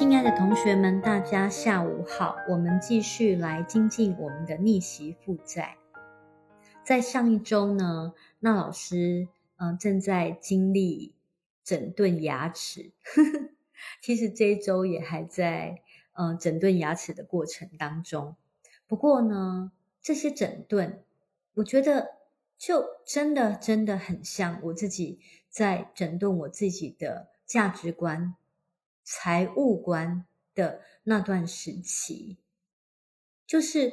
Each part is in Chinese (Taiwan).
親愛的同學們，大家下午好。我們繼續來精進我們的逆襲負債。在上一周呢，娜老師嗯、呃、正在經歷整頓牙齒， 其實這一周也還在嗯、呃、整頓牙齒的過程當中。不過呢，這些整頓，我覺得就真的真的很像我自己在整頓我自己的價值觀。財務官的那段時期，就是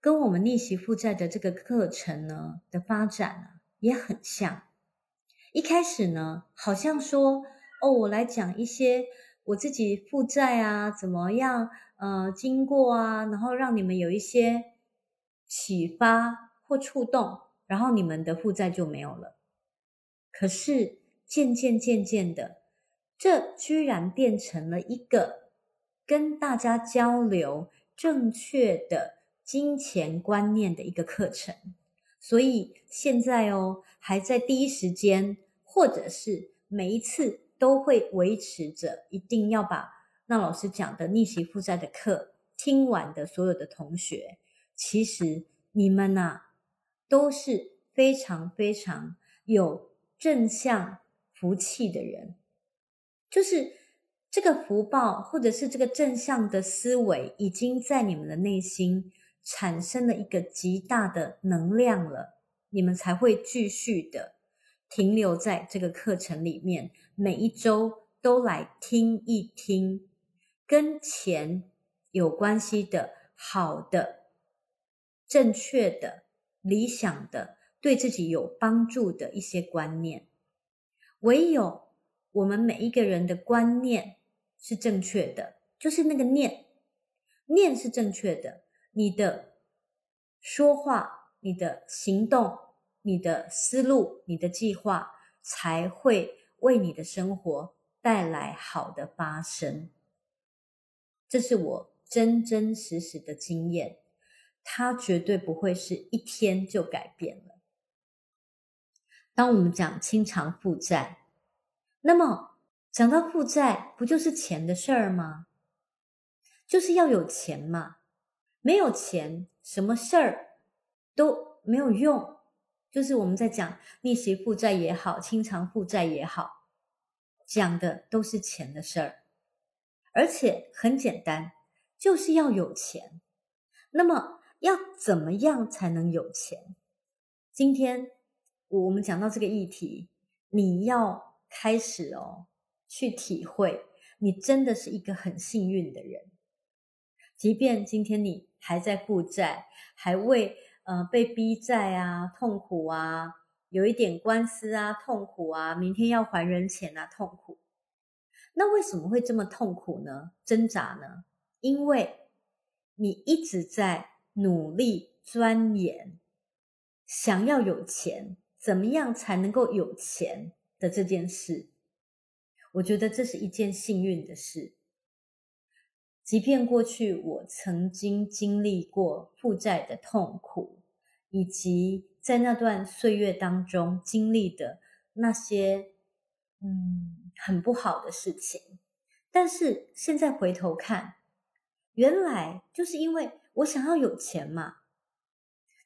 跟我們逆襲負債的這個課程呢的發展呢啊，也很像。一開始呢，好像說哦，我來講一些我自己負債啊，怎麼樣，呃，經過啊，然後讓你們有一些啟發或觸動，然後你們的負債就沒有了。可是漸漸漸漸的，這居然變成了一個跟大家交流正確的金錢觀念的一個課程，所以現在哦，還在第一時間或者是每一次都會維持着，一定要把娜老師講的逆襲負債的課聽完的所有的同學，其實你們吶、啊、都是非常非常有正向福氣的人。就是這個福報，或者是這個正向的思維，已經在你們的內心產生了一個極大的能量了，你們才會繼續的停留在這個課程裡面，每一週都來聽一聽跟錢有關係的、好的、正確的、理想的、對自己有幫助的一些觀念，唯有。我們每一個人的觀念是正確的，就是那個念，念是正確的。你的說話、你的行動、你的思路、你的計劃，才會為你的生活帶來好的發生。這是我真真實實的經驗，它絕對不會是一天就改變了。當我們講清償負債。那麼講到負債，不就是錢的事兒嗎？就是要有錢嘛，沒有錢什麼事兒都沒有用。就是我們在講逆襲負債也好，清償負債也好，講的都是錢的事兒，而且很簡單，就是要有錢。那麼要怎麼樣才能有錢？今天我們講到這個議題，你要。開始哦，去體會，你真的是一個很幸運的人。即便今天你還在負債，還未呃被逼債啊，痛苦啊，有一點官司啊，痛苦啊，明天要還人錢啊，痛苦。那為什麼會這麼痛苦呢？掙扎呢？因為，你一直在努力鑽研，想要有錢，怎麼樣才能夠有錢？的這件事，我覺得這是一件幸運的事。即便過去我曾經經歷過負債的痛苦，以及在那段歲月當中經歷的那些，嗯，很不好的事情，但是現在回頭看，原來就是因為我想要有錢嘛。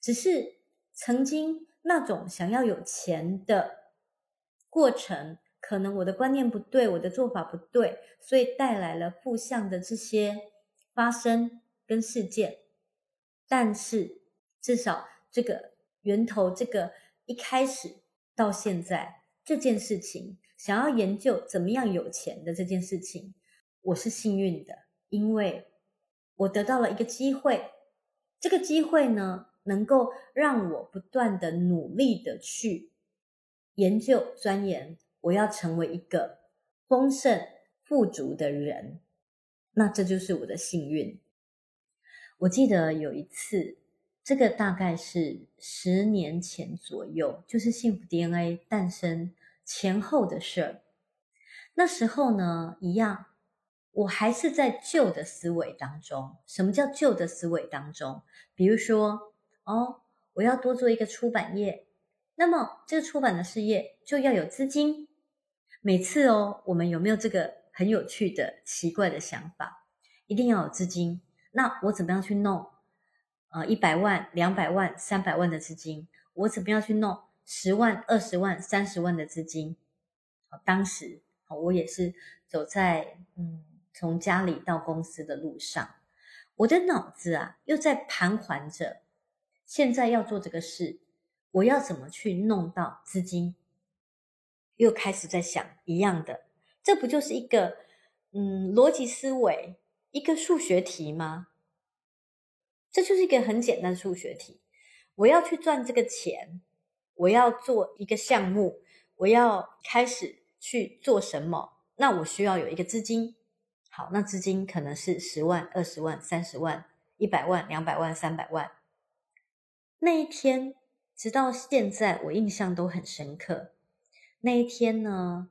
只是曾經那種想要有錢的。過程可能我的觀念不對，我的做法不對，所以帶來了負向的這些發生跟事件。但是至少這個源頭，這個一開始到現在這件事情，想要研究怎麼樣有錢的這件事情，我是幸運的，因為我得到了一個機會，這個機會呢，能夠讓我不斷的努力的去。研究鑽研，我要成為一個豐盛富足的人，那這就是我的幸運。我記得有一次，這個大概是十年前左右，就是幸福 DNA 誕生前後的事兒。那時候呢，一樣，我還是在舊的思維當中。什麼叫舊的思維當中？比如說，哦，我要多做一個出版業。那麼，這個出版的事業就要有資金。每次哦，我們有沒有這個很有趣的、的奇怪的想法？一定要有資金。那我怎麼樣去弄？呃，一百萬、兩百萬、三百萬的資金，我怎麼樣去弄？十萬、二十萬、三十萬的資金？當時我也是走在嗯，從家裡到公司的路上，我的腦子啊，又在盤桓着。現在要做這個事。我要怎麼去弄到資金？又開始在想一樣的，這不就是一個，嗯，邏輯思維，一個數學題嗎？這就是一個很簡單的數學題。我要去賺這個錢，我要做一個項目，我要開始去做什麼？那我需要有一個資金。好，那資金可能是十萬、二十萬、三十萬、一百萬、兩百萬、三百萬。那一天。直到現在，我印象都很深刻。那一天呢，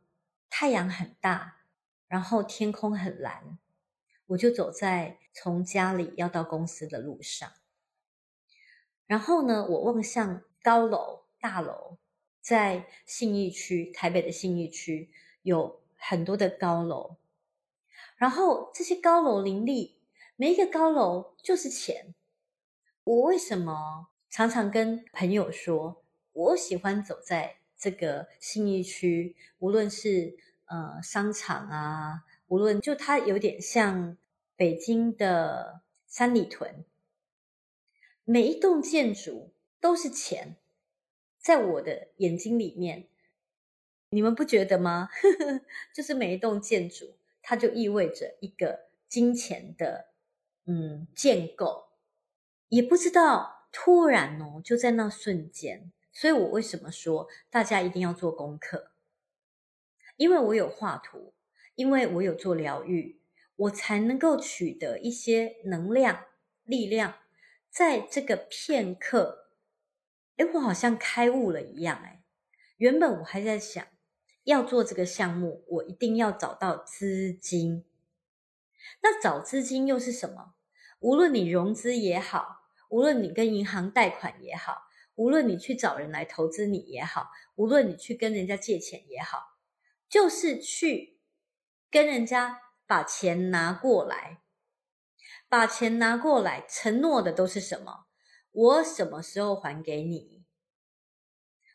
太陽很大，然後天空很藍，我就走在從家裡要到公司的路上。然後呢，我望向高樓、大樓，在信義區，台北的信義區有很多的高樓。然後這些高樓林立，每一個高樓就是錢。我為什麼？常常跟朋友說，我喜歡走在這個信義區，無論是呃商場啊，無論就它有點像北京的三里屯，每一棟建築都是錢，在我的眼睛裡面，你們不覺得嗎？ 就是每一棟建築，它就意味着一個金錢的嗯建構，也不知道。突然哦，就在那瞬間，所以我為什麼說大家一定要做功課？因為我有畫圖，因為我有做療癒，我才能夠取得一些能量、力量，在這個片刻，誒，我好像開悟了一樣。誒，原本我還在想要做這個項目，我一定要找到資金。那找資金又是什麼？無論你融資也好。無論你跟銀行貸款也好，無論你去找人來投資你也好，無論你去跟人家借錢也好，就是去跟人家把錢拿過來，把錢拿過來，承諾的都是什麼？我什麼時候還給你？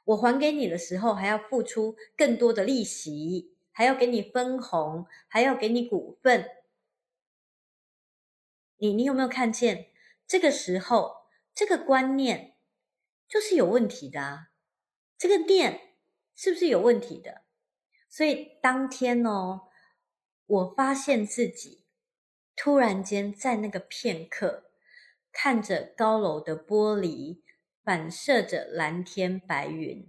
我還給你的時候，還要付出更多的利息，還要給你分紅，還要給你股份。你你有沒有看見？這個時候，這個觀念就是有問題的啊。這個念是不是有問題的？所以當天哦，我發現自己突然間在那個片刻，看着高樓的玻璃反射着藍天白雲，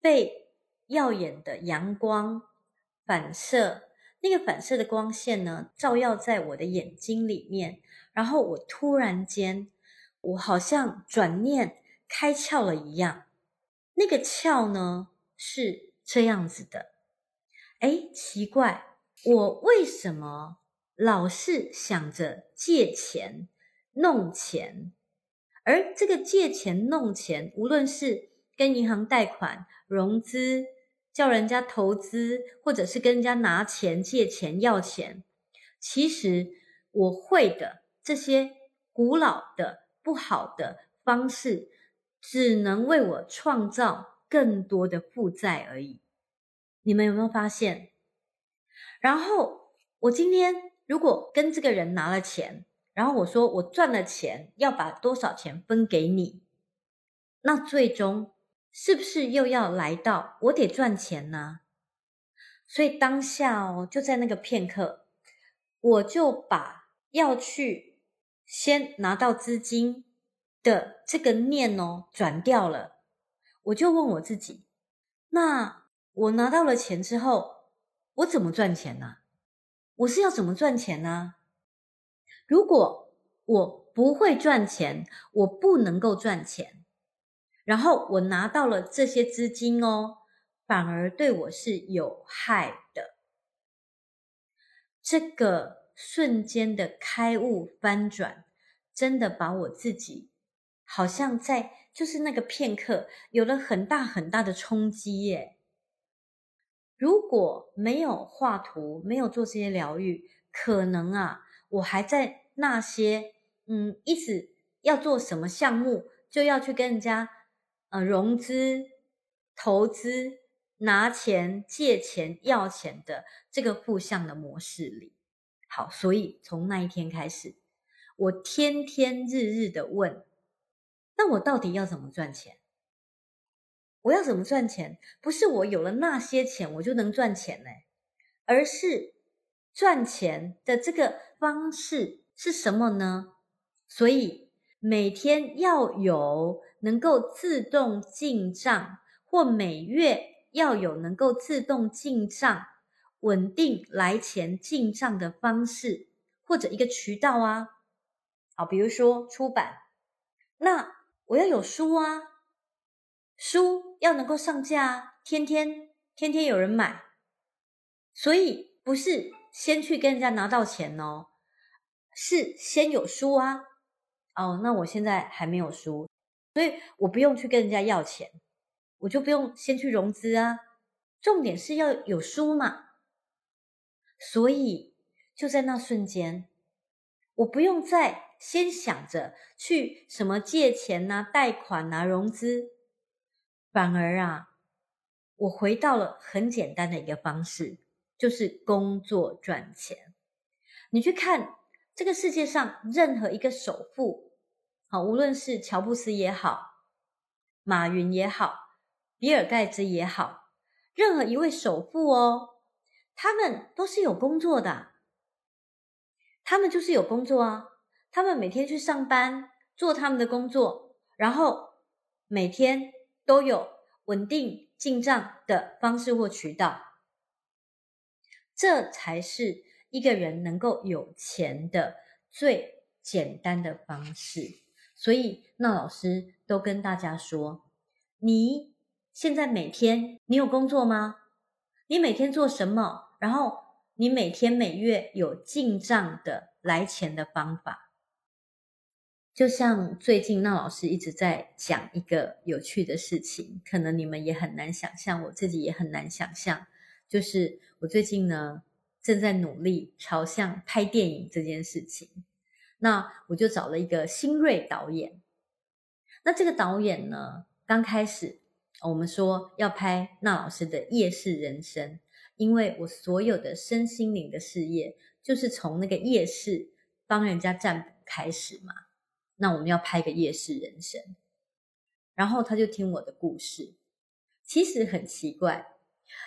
被耀眼的陽光反射，那個反射的光線呢，照耀在我的眼睛裡面。然後我突然間，我好像轉念開竅了一樣。那個竅呢，是這樣子的，誒，奇怪，我為什麼老是想着借錢弄錢？而這個借錢弄錢，無論是跟銀行貸款融資，叫人家投資，或者是跟人家拿錢借錢要錢，其實我會的。這些古老的不好的方式，只能為我創造更多的負債而已。你們有沒有發現？然後我今天如果跟這個人拿了錢，然後我說我賺了錢要把多少錢分給你，那最終是不是又要來到我得賺錢呢？所以當下哦，就在那個片刻，我就把要去。先拿到資金的這個念哦，轉掉了。我就問我自己：那我拿到了錢之後，我怎麼賺錢呢？我是要怎麼賺錢呢？如果我不會賺錢，我不能夠賺錢，然後我拿到了這些資金哦，反而對我是有害的。這個。瞬間的開悟翻轉，真的把我自己好像在就是那個片刻有了很大很大的衝擊耶！如果沒有畫圖，沒有做這些療癒，可能啊，我還在那些嗯一直要做什麼項目，就要去跟人家呃融資、投資、拿錢、借錢、要錢的這個負向的模式裡。好，所以從那一天開始，我天天日日的問：那我到底要怎麼賺錢？我要怎麼賺錢？不是我有了那些錢我就能賺錢呢、欸，而是賺錢的這個方式是什麼呢？所以每天要有能夠自動進賬，或每月要有能夠自動進賬。穩定來錢進賬的方式，或者一個渠道啊，好，比如說出版，那我要有書啊，書要能夠上架啊，天天天天有人買，所以不是先去跟人家拿到錢哦，是先有書啊，哦，那我現在還沒有書，所以我不用去跟人家要錢，我就不用先去融資啊，重點是要有書嘛。所以，就在那瞬間，我不用再先想着去什麼借錢吶、啊、貸款啊、融資，反而啊，我回到了很簡單的一個方式，就是工作賺錢。你去看這個世界上任何一個首富，好，無論是喬布斯也好，馬雲也好，比爾蓋茨也好，任何一位首富哦。他們都是有工作的啊，他們就是有工作啊，他們每天去上班做他們的工作，然後每天都有穩定進賬的方式或渠道，這才是一個人能夠有錢的最簡單的方式。所以，娜老師都跟大家說，你現在每天你有工作嗎？你每天做什麼？然後你每天每月有進賬的來錢的方法，就像最近娜老師一直在講一個有趣的事情，可能你們也很難想象我自己也很難想象就是我最近呢正在努力朝向拍電影這件事情，那我就找了一個新銳導演，那這個導演呢剛開始。我們說要拍娜老師的夜市人生，因為我所有的身心靈的事業就是從那個夜市幫人家占卜開始嘛。那我們要拍個夜市人生，然後他就聽我的故事。其實很奇怪，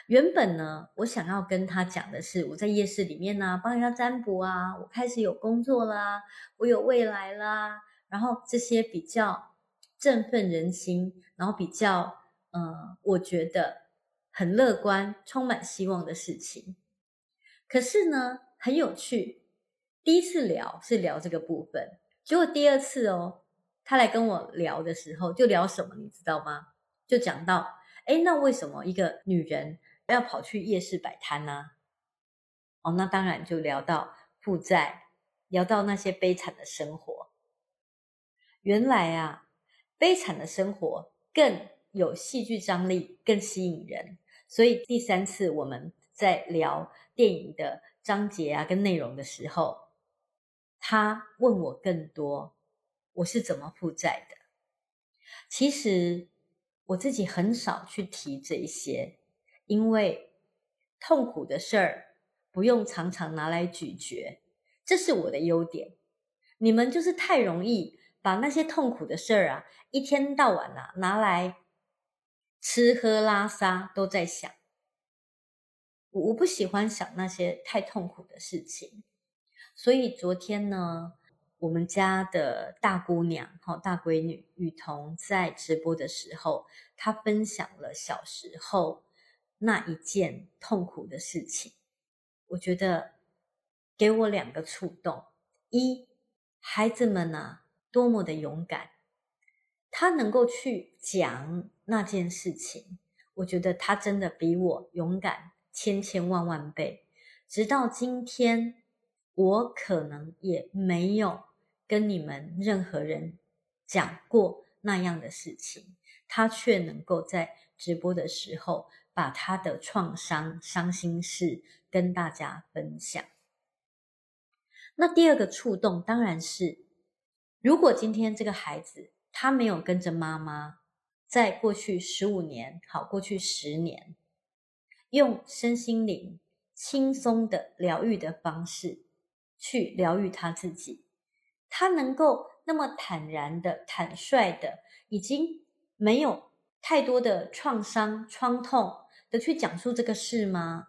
原本呢，我想要跟他講的是我在夜市裡面呢啊幫人家占卜啊，我開始有工作啦，我有未來啦，然後這些比較振奮人心，然後比較。呃、嗯，我覺得很樂觀、充滿希望的事情。可是呢，很有趣。第一次聊是聊這個部分，結果第二次哦，他來跟我聊的時候就聊什麼，你知道嗎？就講到，哎，那為什麼一個女人要跑去夜市擺攤呢？哦，那當然就聊到負債，聊到那些悲慘的生活。原來啊，悲慘的生活更……有戲劇張力更吸引人，所以第三次我們在聊電影的章節啊跟內容的時候，他問我更多，我是怎麼負債的？其實我自己很少去提這一些，因為痛苦的事兒不用常常拿來咀嚼，這是我的優點。你們就是太容易把那些痛苦的事兒啊，一天到晚啊拿來。吃喝拉撒都在想，我我不喜歡想那些太痛苦的事情，所以昨天呢，我們家的大姑娘，大閨女雨桐在直播的時候，她分享了小時候那一件痛苦的事情，我覺得給我兩個觸動：一，孩子們呢、啊、多麼的勇敢，她能夠去講。那件事情，我覺得他真的比我勇敢千千萬萬倍。直到今天，我可能也沒有跟你們任何人講過那樣的事情，他卻能夠在直播的時候把他的創傷、傷心事跟大家分享。那第二個觸動當然是，如果今天這個孩子他沒有跟着媽媽。在過去十五年，好，過去十年，用身心靈輕鬆的療癒的方式去療癒他自己，他能夠那麼坦然的、坦率的，已經沒有太多的創傷、創痛的去講述這個事嗎？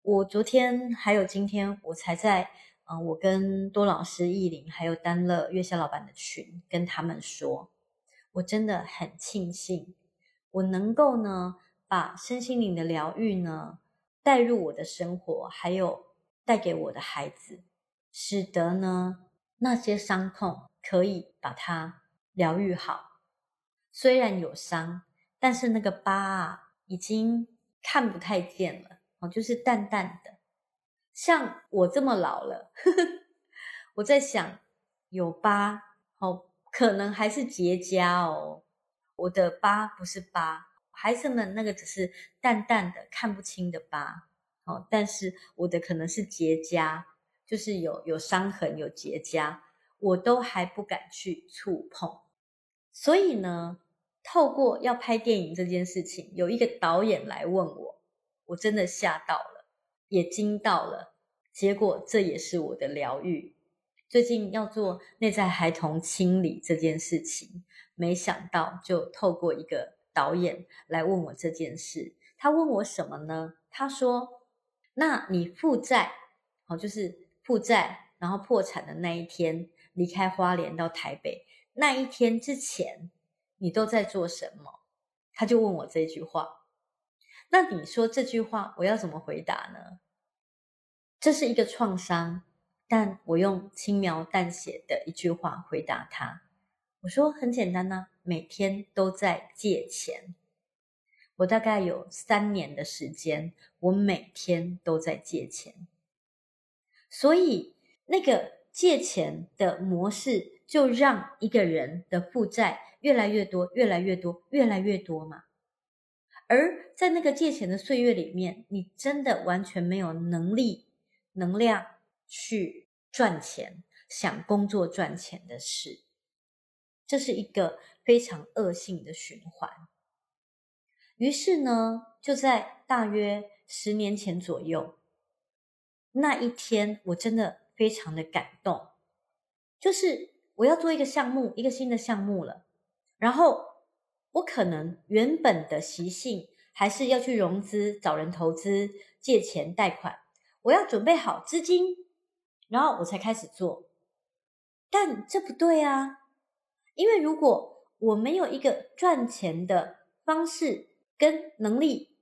我昨天還有今天，我才在，嗯、呃，我跟多老師、意林還有丹樂月孝老板的群跟他們說。我真的很慶幸，我能夠呢把身心靈的療癒呢帶入我的生活，還有帶給我的孩子，使得呢那些傷痛可以把它療癒好。雖然有傷，但是那個疤啊已經看不太見了，就是淡淡的。像我這麼老了，呵呵，我在想，有疤，哦可能還是結痂哦，我的疤不是疤，孩子們那個只是淡淡的、看不清的疤。哦，但是我的可能是結痂，就是有，有傷痕，有結痂，我都還不敢去觸碰。所以呢，透過要拍電影這件事情，有一個導演來問我，我真的嚇到了，也驚到了，結果這也是我的療癒。最近要做內在孩童清理這件事情，沒想到就透過一個導演來問我這件事。他問我什麼呢？他說：“那你負債，好，就是負債，然後破產的那一天，離開花蓮到台北，那一天之前，你都在做什麼？”他就問我這句話。那你說這句話，我要怎麼回答呢？這是一個創傷。但我用輕描淡寫的一句話回答他：“我說很簡單呢、啊、每天都在借錢。我大概有三年的時間，我每天都在借錢，所以那個借錢的模式就讓一個人的負債越來越多，越來越多，越來越多嘛。而在那個借錢的歲月裡面，你真的完全沒有能力、能量。”去賺錢，想工作賺錢的事，這是一個非常惡性的循環。於是呢，就在大約十年前左右，那一天我真的非常的感動，就是我要做一個項目，一個新的項目了。然後我可能原本的習性還是要去融資，找人投資，借錢貸款，我要準備好資金。然後我才開始做，但這不對啊！因為如果我沒有一個賺錢的方式跟能力，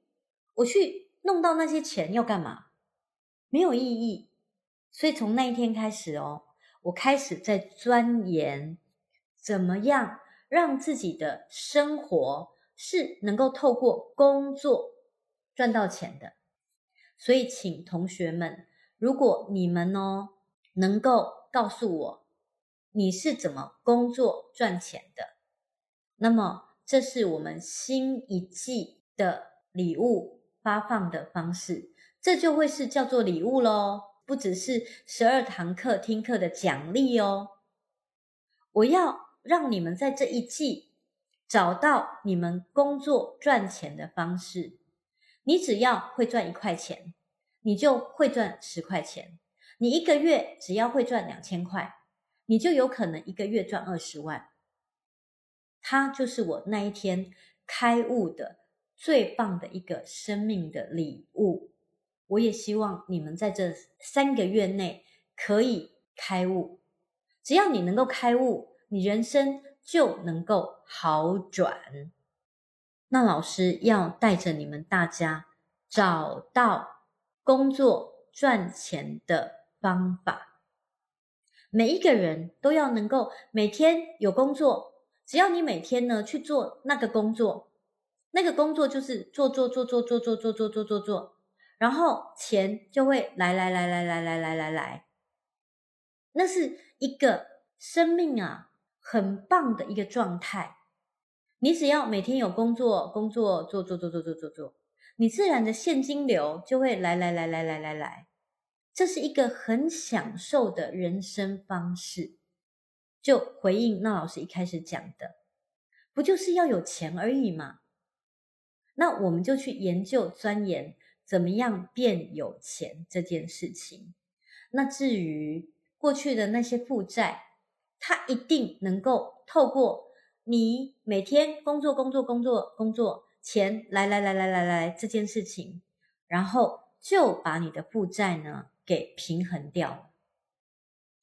我去弄到那些錢要幹嘛？沒有意義。所以從那一天開始哦，我開始在鑽研怎麼樣讓自己的生活是能夠透過工作賺到錢的。所以請同學們，如果你們哦。能夠告訴我你是怎麼工作賺錢的？那麼，這是我們新一季的禮物發放的方式，這就會是叫做禮物嘍，不只是十二堂課聽課的獎勵哦。我要讓你們在這一季找到你們工作賺錢的方式。你只要會賺一塊錢，你就會賺十塊錢。你一個月只要會賺兩千塊，你就有可能一個月賺二十萬。它就是我那一天開悟的最棒的一個生命的禮物。我也希望你們在這三個月內可以開悟。只要你能夠開悟，你人生就能夠好轉。那老師要帶着你們大家找到工作賺錢的。方法，每一個人都要能夠每天有工作。只要你每天呢去做那個工作，那個工作就是做做做做做做做做做做做，然後錢就會來來來來來來來來來。那是一個生命啊，很棒的一個狀態。你只要每天有工作，工作做做做做做做做，你自然的現金流就會來來來來來來來。這是一個很享受的人生方式。就回應那老師一開始講的，不就是要有錢而已嗎？那我們就去研究鑽研怎麼樣變有錢這件事情。那至於過去的那些負債，它一定能夠透過你每天工作工作工作工作，錢來來來來來來，來這件事情，然後就把你的負債呢。給平衡掉，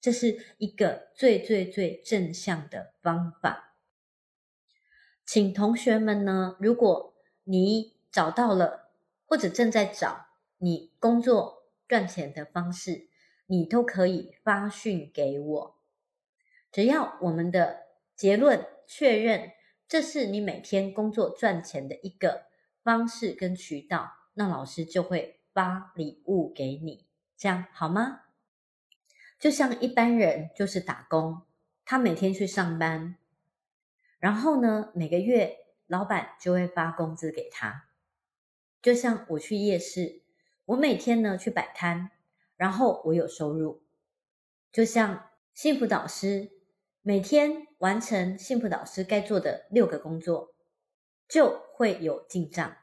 這是一個最最最正向的方法。請同學們呢，如果你找到了或者正在找你工作賺錢的方式，你都可以發訊給我。只要我們的結論確認，這是你每天工作賺錢的一個方式跟渠道，那老師就會發禮物給你。這樣好嗎？就像一般人就是打工，他每天去上班，然後呢，每個月老闆就會發工資給他。就像我去夜市，我每天呢去擺攤，然後我有收入。就像幸福導師，每天完成幸福導師該做的六個工作，就會有進賬。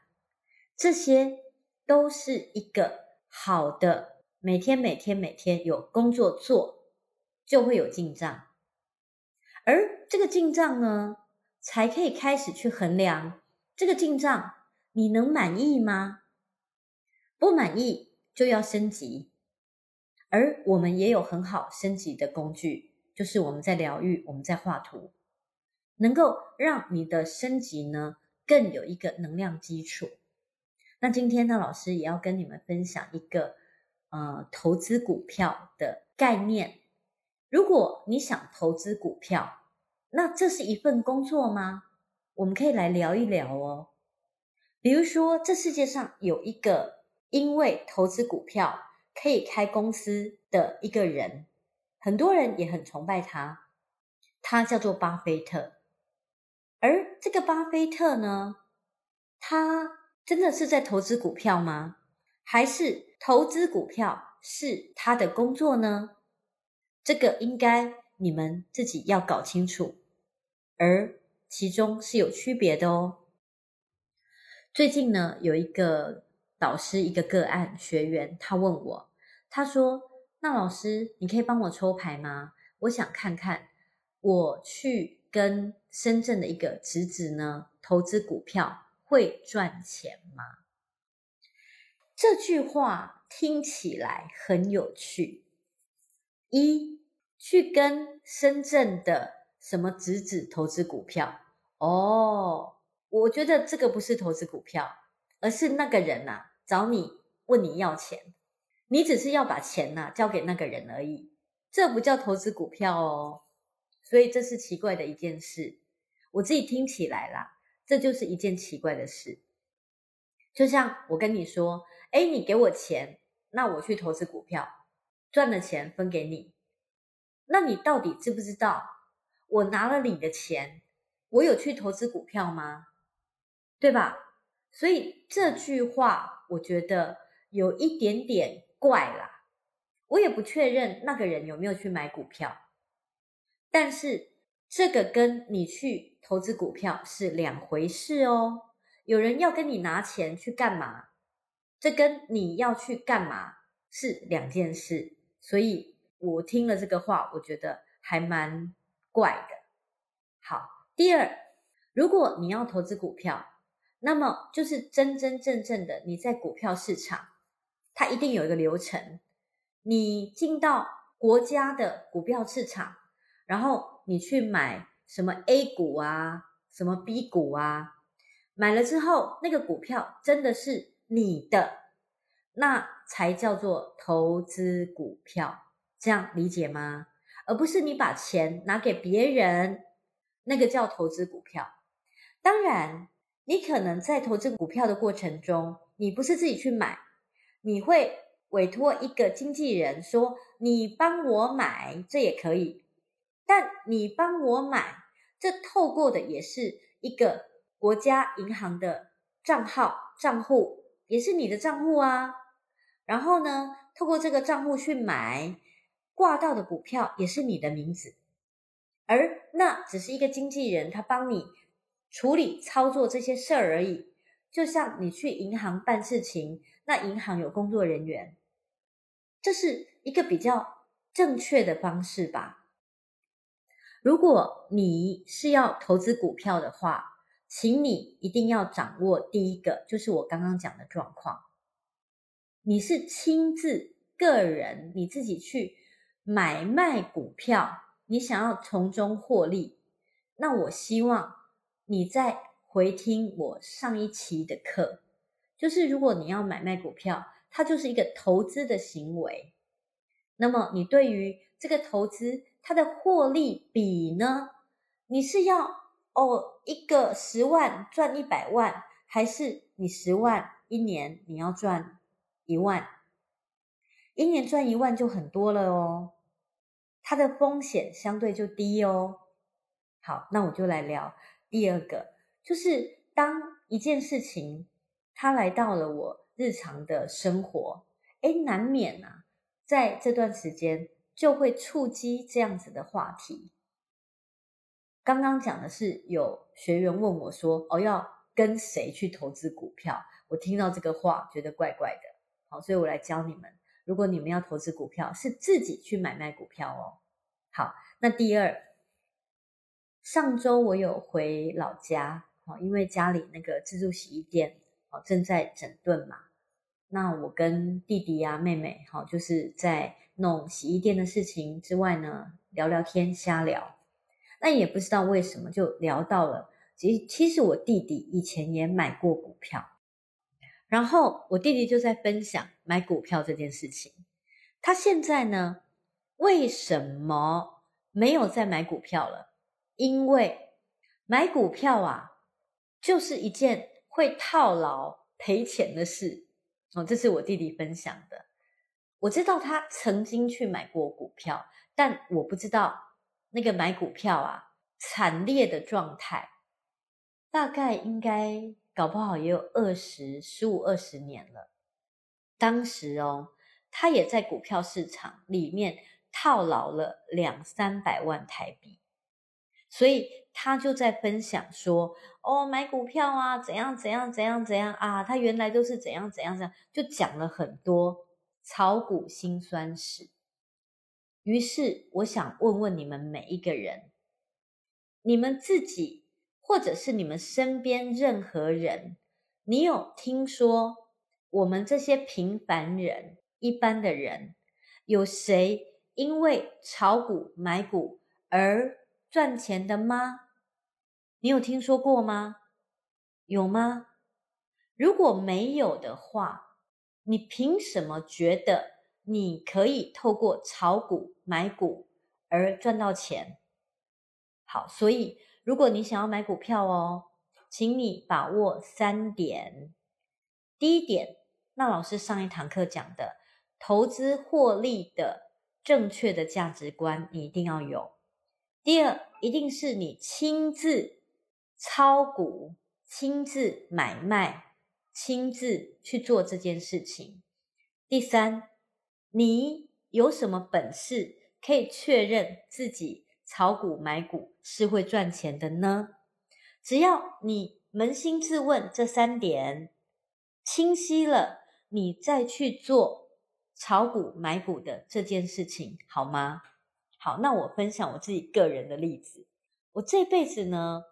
這些都是一個好的。每天每天每天有工作做，就會有進賬，而這個進賬呢，才可以開始去衡量這個進賬，你能滿意嗎？不滿意就要升級，而我們也有很好升級的工具，就是我們在療癒，我們在畫圖，能夠讓你的升級呢，更有一個能量基礎。那今天呢，老師也要跟你們分享一個。呃、嗯，投資股票的概念。如果你想投資股票，那這是一份工作嗎？我們可以來聊一聊哦。比如說，這世界上有一個因為投資股票可以開公司的一個人，很多人也很崇拜他，他叫做巴菲特。而這個巴菲特呢，他真的是在投資股票嗎？還是投資股票是他的工作呢？這個應該你們自己要搞清楚，而其中是有區別的哦。最近呢，有一個導師，一個個案學員，他問我，他說：“那老師，你可以幫我抽牌嗎？我想看看，我去跟深圳的一個侄子呢，投資股票會賺錢嗎？”這句話聽起來很有趣，一去跟深圳的什麼姪子投資股票哦？我覺得這個不是投資股票，而是那個人啊找你問你要錢，你只是要把錢啊交給那個人而已，這不叫投資股票哦。所以這是奇怪的一件事，我自己聽起來啦，這就是一件奇怪的事，就像我跟你說。哎，你給我錢，那我去投資股票，賺的錢分給你。那你到底知不知道，我拿了你的錢，我有去投資股票嗎？對吧？所以這句話我覺得有一點點怪啦。我也不確認那個人有沒有去買股票。但是這個跟你去投資股票是兩回事哦。有人要跟你拿錢去幹嘛？這跟你要去幹嘛是兩件事，所以我聽了這個話，我覺得還蠻怪的。好，第二，如果你要投資股票，那麼就是真真正正的你在股票市場，它一定有一個流程。你進到國家的股票市場，然後你去買什麼 A 股啊，什麼 B 股啊，買了之後，那個股票真的是。你的那才叫做投資股票，這樣理解嗎？而不是你把錢拿給別人，那個叫投資股票。當然，你可能在投資股票的過程中，你不是自己去買，你會委托一個經紀人說：“你幫我買”，這也可以。但你幫我買，這透過的也是一個國家銀行的賬號賬戶。也是你的賬戶啊，然後呢，透過這個賬戶去買掛到的股票，也是你的名字，而那只是一個經紀人，他幫你處理操作這些事兒而已。就像你去銀行辦事情，那銀行有工作人員，這是一個比較正確的方式吧。如果你是要投資股票的話。請你一定要掌握第一個，就是我剛剛講的狀況。你是親自個人你自己去買賣股票，你想要從中獲利，那我希望你再回聽我上一期的課，就是如果你要買賣股票，它就是一個投資的行為。那麼你對於這個投資，它的獲利比呢，你是要。哦，一個十萬賺一百萬，還是你十萬一年你要賺一萬，一年賺一萬就很多了哦。它的風險相對就低哦。好，那我就來聊第二個，就是當一件事情它來到了我日常的生活，誒，難免啊，在這段時間就會觸及這樣子的話題。剛剛講的是有學員問我說：“哦，要跟誰去投資股票？”我聽到這個話，覺得怪怪的。好，所以我來教你們，如果你們要投資股票，是自己去買賣股票哦。好，那第二，上周我有回老家，因為家裡那個自助洗衣店，正在整頓嘛。那我跟弟弟呀、啊、妹妹，就是在弄洗衣店的事情之外呢，聊聊天，瞎聊。但也不知道為什麼就聊到了，其實其實我弟弟以前也買過股票，然後我弟弟就在分享買股票這件事情。他現在呢，為什麼沒有再買股票了？因為買股票啊，就是一件會套牢賠錢的事。哦，這是我弟弟分享的。我知道他曾經去買過股票，但我不知道。那個買股票啊，慘烈的狀態，大概應該搞不好也有二十、十五、二十年了。當時哦，他也在股票市場裡面套牢了兩三百萬台幣，所以他就在分享說：“哦，買股票啊，怎樣怎樣怎樣怎樣啊，他原來都是怎樣怎樣怎樣，就講了很多炒股辛酸史。”於是，我想問問你們每一個人，你們自己，或者是你們身邊任何人，你有聽說我們這些平凡人、一般的人，有誰因為炒股買股而賺錢的嗎？你有聽說過嗎？有嗎？如果沒有的話，你憑什麼覺得？你可以透過炒股買股而賺到錢。好，所以如果你想要買股票哦，請你把握三點：第一點，那老師上一堂課講的，投資獲利的正確的價值觀，你一定要有；第二，一定是你親自炒股、親自買賣、親自去做這件事情；第三，你有什麼本事可以確認自己炒股買股是會賺錢的呢？只要你捫心自問這三點清晰了，你再去做炒股買股的這件事情好嗎？好，那我分享我自己個人的例子，我這輩子呢，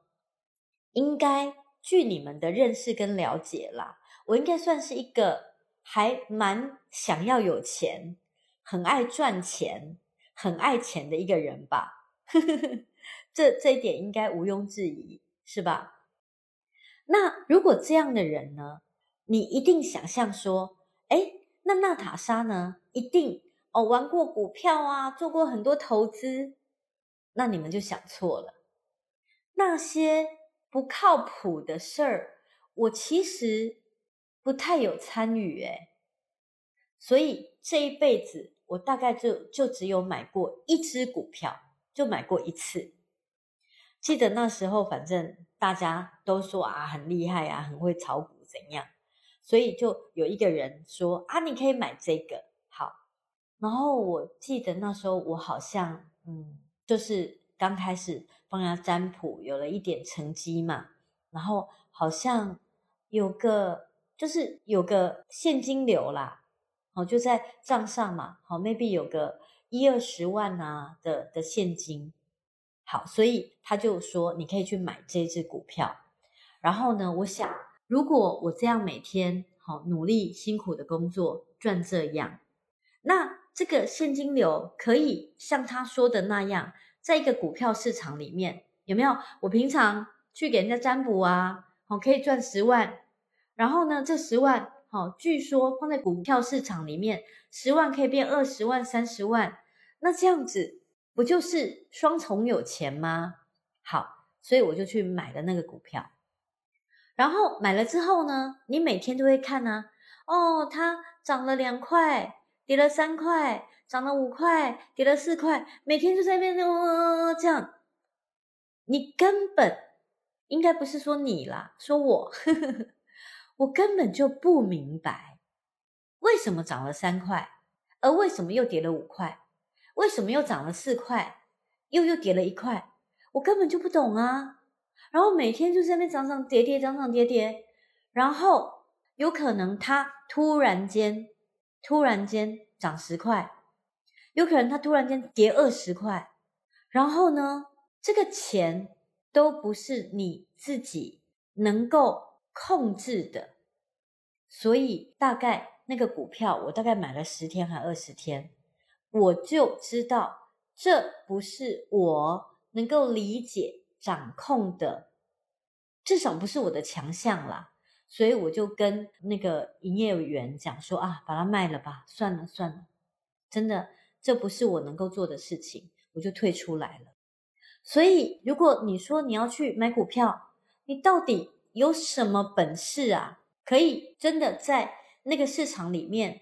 應該據你們的認識跟了解啦，我應該算是一個。還蠻想要有錢，很愛賺錢，很愛錢的一個人吧。 這這一點應該毋庸置疑，是吧？那如果這樣的人呢，你一定想象說，誒，那娜塔莎呢，一定哦玩過股票啊，做過很多投資。那你們就想錯了，那些不靠譜的事兒，我其實。不太有參與哎，所以這一輩子我大概就就只有買過一只股票，就買過一次。記得那時候，反正大家都說啊很厲害啊，很會炒股怎樣，所以就有一個人說啊，你可以買這個好。然後我記得那時候我好像嗯，就是剛開始幫他占卜有了一點成績嘛，然後好像有個。就是有個現金流啦，好就在賬上嘛，好 maybe 有個一二十萬啊的的現金，好，所以他就說你可以去買這只股票，然後呢，我想如果我這樣每天好努力辛苦的工作賺這樣，那這個現金流可以像他說的那樣，在一個股票市場裡面有沒有？我平常去給人家占卜啊，我可以賺十萬。然後呢，這十萬好、哦，據說放在股票市場裡面，十萬可以變二十萬、三十萬。那這樣子不就是雙重有錢嗎？好，所以我就去買了那個股票。然後買了之後呢，你每天都會看啊，哦，它漲了兩塊，跌了三塊，漲了五塊，跌了四塊，每天就在變那，哦哦哦哦哦，這樣。你根本，應該不是說你啦，說我。 我根本就不明白，為什麼漲了三塊，而為什麼又跌了五塊？為什麼又漲了四塊，又又跌了一塊？我根本就不懂啊！然後每天就在那漲漲跌跌，漲漲跌跌，然後有可能它突然間突然間漲十塊，有可能它突然間跌二十塊，然後呢，這個錢都不是你自己能夠。控制的，所以大概那個股票，我大概買了十天還二十天，我就知道這不是我能夠理解掌控的，至少不是我的強項啦。所以我就跟那個營業員講說啊，把它賣了吧，算了算了，真的，這不是我能夠做的事情，我就退出來了。所以如果你說你要去買股票，你到底有什麼本事啊？可以真的在那個市場裡面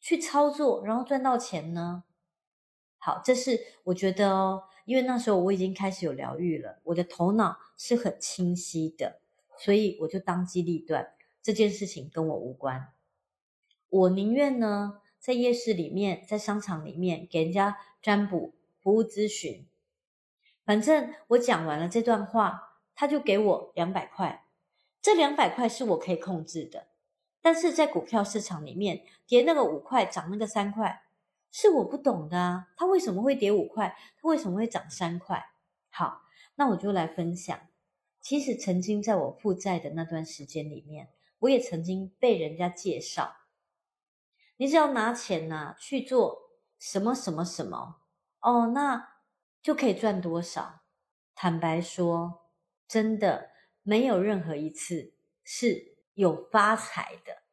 去操作，然後賺到錢呢？好，這是我覺得哦，因為那時候我已經開始有療癒了，我的頭腦是很清晰的，所以我就當機立斷，這件事情跟我無關，我寧願呢在夜市裡面，在商場裡面給人家占卜服務諮詢。反正我講完了這段話，他就給我兩百塊。這兩百塊是我可以控制的，但是在股票市場裡面跌那個五塊，漲那個三塊，是我不懂的啊。它為什麼會跌五塊？它為什麼會漲三塊？好，那我就來分享。其實曾經在我負債的那段時間裡面，我也曾經被人家介紹，你只要拿錢吶、啊、去做什麼什麼什麼哦，那就可以賺多少。坦白說，真的。沒有任何一次是有發財的，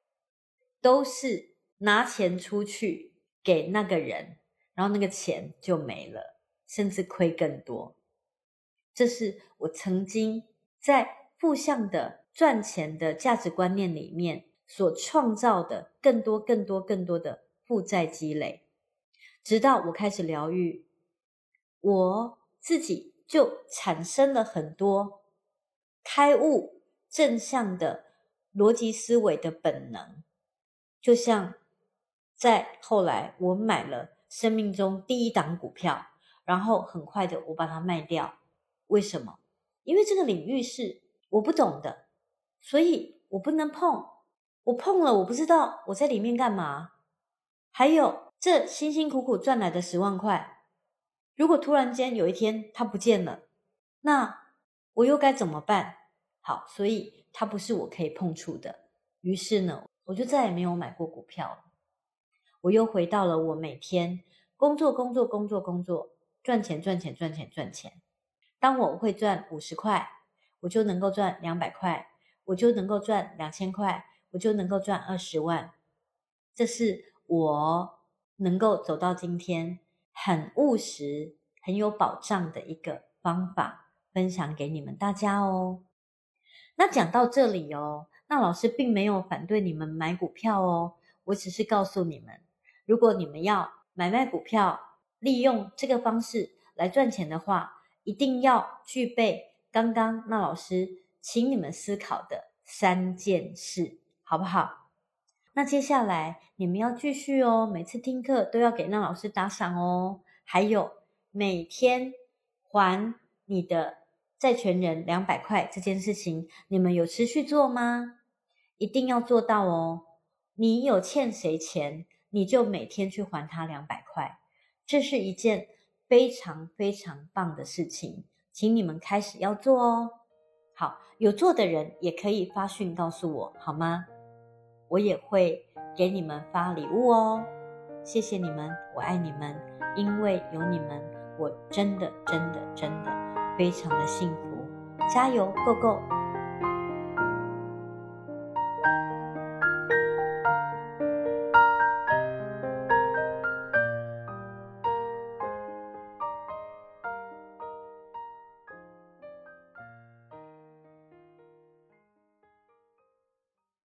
都是拿錢出去給那個人，然後那個錢就沒了，甚至虧更多。這是我曾經在負向的賺錢的價值觀念裡面所創造的更多、更多、更多的負債積累，直到我開始療癒，我自己就產生了很多。開悟正向的邏輯思維的本能，就像在後來我買了生命中第一檔股票，然後很快的我把它賣掉。為什麼？因為這個領域是我不懂的，所以我不能碰。我碰了，我不知道我在裡面幹嘛。還有這辛辛苦苦賺來的十萬塊，如果突然間有一天它不見了，那。我又該怎麼辦？好，所以它不是我可以碰觸的。於是呢，我就再也沒有買過股票。我又回到了我每天工作、工作、工作、工作，賺錢、賺錢、賺錢、賺錢。當我會賺五十塊，我就能夠賺兩百塊，我就能夠賺兩千塊，我就能夠賺二十萬。這是我能夠走到今天很務實、很有保障的一個方法。分享給你們大家哦。那講到這裡哦，那老師並沒有反對你們買股票哦，我只是告訴你們，如果你們要買賣股票，利用這個方式來賺錢的話，一定要具備剛剛那老師請你們思考的三件事，好不好？那接下來你們要繼續哦，每次聽課都要給那老師打賞哦，還有每天還你的。債權人兩百塊這件事情，你們有持續做嗎？一定要做到哦！你有欠誰錢，你就每天去還他兩百塊，這是一件非常非常棒的事情，請你們開始要做哦。好，有做的人也可以發訊告訴我，好嗎？我也會給你們發禮物哦。謝謝你們，我愛你們，因為有你們，我真的真的真的，真的非常的幸福，加油，Go Go！